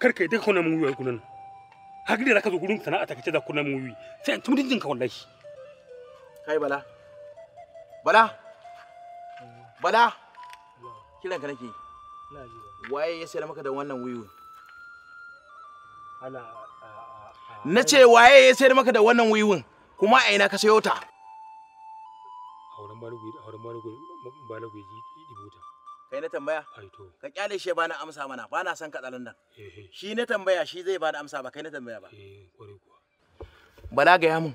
karka ita yi kuna mun wuyi kunan har da ka zo gurin sana'a ta kace da kuna mun wuyi sai an tumudin jinka wallahi kai bala bala bala kiran ka nake waye ya sayar maka da wannan wuyi na ce waye ya sayar maka da wannan wuyu kuma a ina ka sayo ta auren balagu auren balagu balagu ji ibuta kai na tambaya ka kyale shi na amsa mana bana son nan shi na tambaya shi zai da amsa ba kai na tambaya ba eh, bala ga mun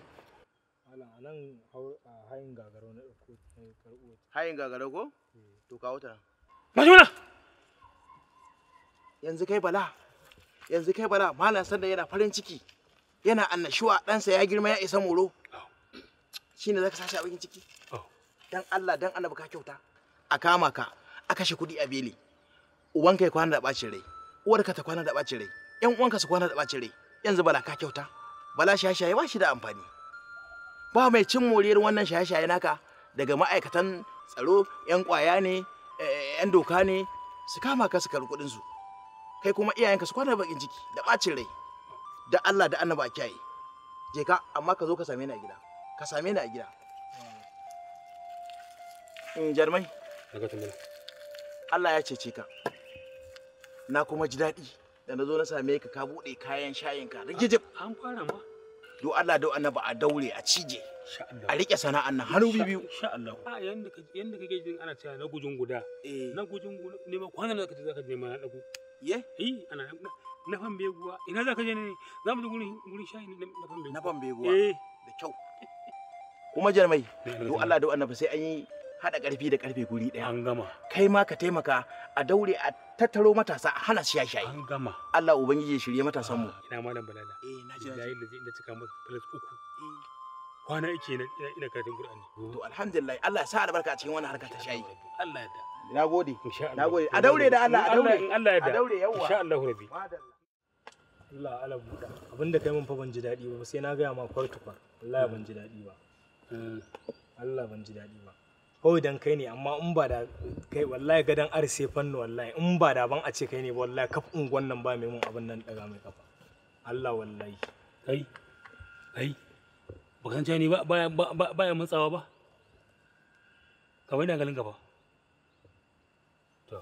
hayin gagarau na hayin ko eh. to kawo ta majuna yanzu kai bala yanzu kai bala san da yana farin ciki yana annashuwa ɗansa ya girma ya isa moro shine zaka sashi a bakin ciki dan Allah dan annabi ka kyauta a kama ka a kashe kuɗi a beli ka ya kwana da bacin rai uwarka ta kwana da bacin rai yan uwanka su kwana da bacin rai yanzu bala ka kyauta bala shaye-shaye ba shi da amfani ba mai cin moriyar wannan shaye-shaye naka daga ma'aikatan tsaro yan kwaya ne yan eh, doka ne su kama ka su karɓi kuɗin su kai kuma iyayenka su kwana da bakin ciki da bacin rai da Allah da annaba kiyaye je ka amma ka zo ka same ni a gida ka same ni a gida eh. jarmai daga Allah ya cece ka na kuma ji daɗi da na zo na same ka ka buɗe kayan shayin ka rigijib ah, an fara ma do Allah do annaba a daure a cije a rike sana'an nan hannu biyu insha Allah a ah, yanda ka yanda kake jin ana cewa na gujin guda eh. na gujin guda ne ma kwana zaka ce zaka je ma na dago ye eh ana na fan beguwa ina zaka je ne za mu je gurin gurin shayin na fan beguwa na fan beguwa eh. da kyau kuma jarmai do Allah do annaba sai an yi haɗa ƙarfi da ƙarfe guri ɗaya. An gama. Kai ma ka taimaka a daure a tattaro matasa a hana shi shaye. An gama. Allah Ubangiji ya shirye matasan mu. Ina malam balala. Eh na ji. Yayin da zai inda cika masa plus uku. Eh. Kwana ike ina ina karatun Qur'ani. To alhamdulillah Allah ya sa albarka a cikin wannan harka ta shayi. Allah ya da. Na gode. Na gode. A daure da Allah a daure. Allah ya da. A daure yawa. Insha Allah rabbi. Allah ala buɗa. Abinda kai mun fa ban ji daɗi ba sai na gaya ma kwartukwar. Allah ya ban ji daɗi ba. Hmm. Allah ban ji daɗi ba. kawai dan kai ne amma in ba da kai wallahi gadan arse fannu wallahi in ba da ban a ce kai ne ba wallahi kaf unguwan nan ba mai mun abin nan daga mai kafa Allah wallahi kai kai bakan ne ba ba ya matsawa ba kawai na galin gaba to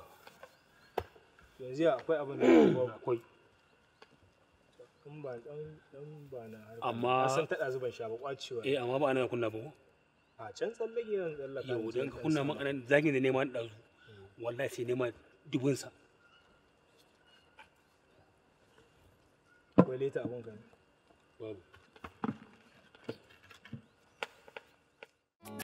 yanzu akwai abin da akwai in ba dan dan ba na amma san tada zuban sha ba kwacewa eh amma ba ana kunna ba a can tsallake yan tsallaka yau ka kunna zagin da neman dazu wallahi sai neman dubun sa kwale ta abun kan babu